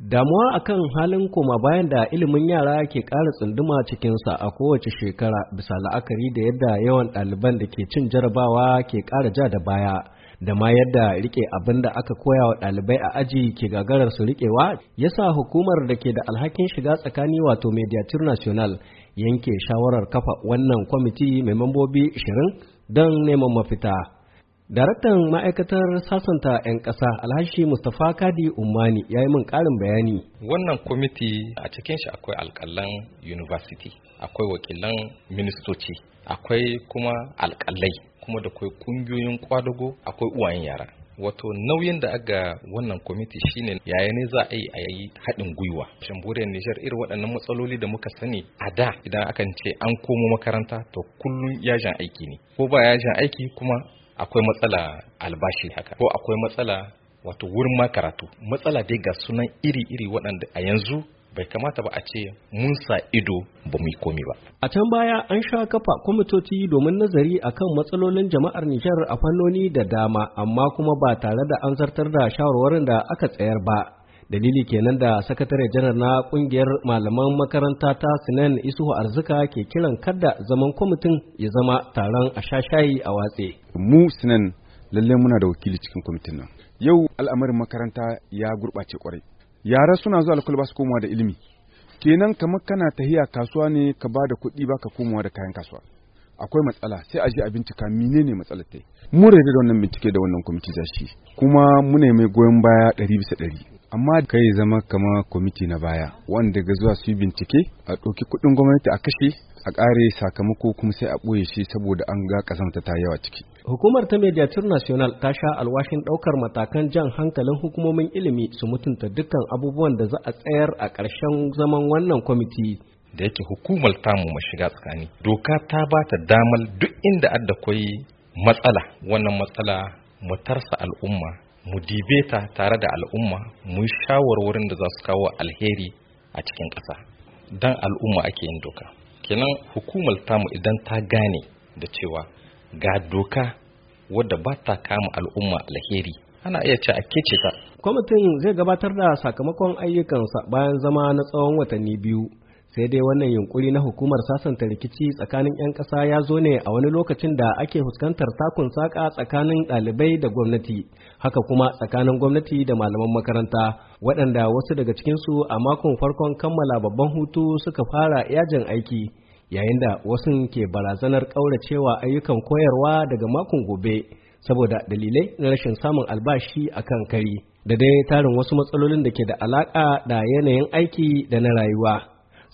Damuwa a kan halin koma bayan da ilimin yara ke ƙara tsunduma cikinsa a kowace shekara bisa la'akari da yadda yawan ɗaliban da ke cin jarabawa ke ƙara ja da baya da ma yadda rike abin da aka koya wa ɗalibai a aji ke gagarar su rikewa ya sa hukumar da ke da alhakin shiga tsakani wato mediatur national yanke shawarar kafa wannan kwamiti mai mambobi 20 don neman mafita. Daraktan ma'aikatar sasanta 'yan ƙasa alhashi Mustapha Kadi Umani ya yi min ƙarin bayani. Wannan kwamiti a cikin shi akwai alƙalan university, akwai wakilan ministoci, akwai kuma alƙalai, kuma da kwai ƙungiyoyin ƙwadago akwai uwayen yara. Wato nauyin da aga wannan kwamiti shine yaya ne za a yi a yi haɗin gwiwa. Shamburiyar Nijar irin waɗannan matsaloli da muka sani a da idan akan ce an komo makaranta to kullum yajin aiki ne. Ko ba yajin aiki kuma akwai matsala albashi haka ko akwai matsala wato wurin ma karatu matsala dai ga sunan iri-iri waɗanda a yanzu bai kamata ba a ce mun sa ido ba mu yi komi ba. A can baya an sha kafa kwamitoci domin nazari akan matsalolin jama'ar Nijar a fannoni da dama amma kuma ba tare da an zartar da shawarwarin da aka tsayar ba. dalili kenan da sakatare janar na kungiyar malaman makaranta ta sinan isuhu arzika ke kiran kada zaman kwamitin ya zama taron a shashayi a watse mu sinan lalle muna da wakili cikin kwamitin nan yau al'amarin makaranta ya gurɓace kwarai yara suna zuwa alkul ba su komawa da ilimi kenan kamar kana tahiya kasuwa ne ka ba da kuɗi baka komawa da kayan kasuwa akwai matsala sai a je a bincika menene matsalar ta mu da wannan bincike da wannan kwamiti za shi kuma muna mai goyon baya ɗari bisa ɗari amma ka yi zama kamar kwamiti na baya wanda ga zuwa su yi bincike a ɗauki kuɗin gwamnati a kashe a ƙare sakamako kuma sai a ɓoye shi saboda an ga ƙasamta ta yawa ciki. Hukumar ta Mediatur National ta sha alwashin ɗaukar matakan jan hankalin hukumomin ilimi su mutunta dukkan abubuwan da za a tsayar a ƙarshen zaman wannan kwamiti. Da yake hukumar tamu mu shiga tsakani. Doka ta ba ta damar duk inda adda kwai matsala wannan matsala mutarsa al'umma mu dibe ta tare da al'umma mu yi shawarwarin da za su kawo alheri a cikin ƙasa don al'umma ake yin doka kenan hukumar tamu idan ta gane da cewa ga doka wadda ba ta kama al'umma alheri ana iya ce a kece ta kwamitin zai gabatar da sakamakon ayyukansa bayan zama na tsawon watanni biyu sai dai wannan yunkuri na hukumar sasanta rikici tsakanin 'yan ƙasa ya zo ne a wani lokacin da ake fuskantar takun saƙa tsakanin ɗalibai da gwamnati haka kuma tsakanin gwamnati da malaman makaranta waɗanda wasu daga cikinsu a makon farkon kammala babban hutu suka fara yajin aiki yayin da wasu ke barazanar ƙauracewa ayyukan koyarwa daga makon gobe saboda dalilai na rashin samun albashi a kan kari da dai tarin wasu matsalolin da ke da alaƙa da yanayin aiki da na rayuwa.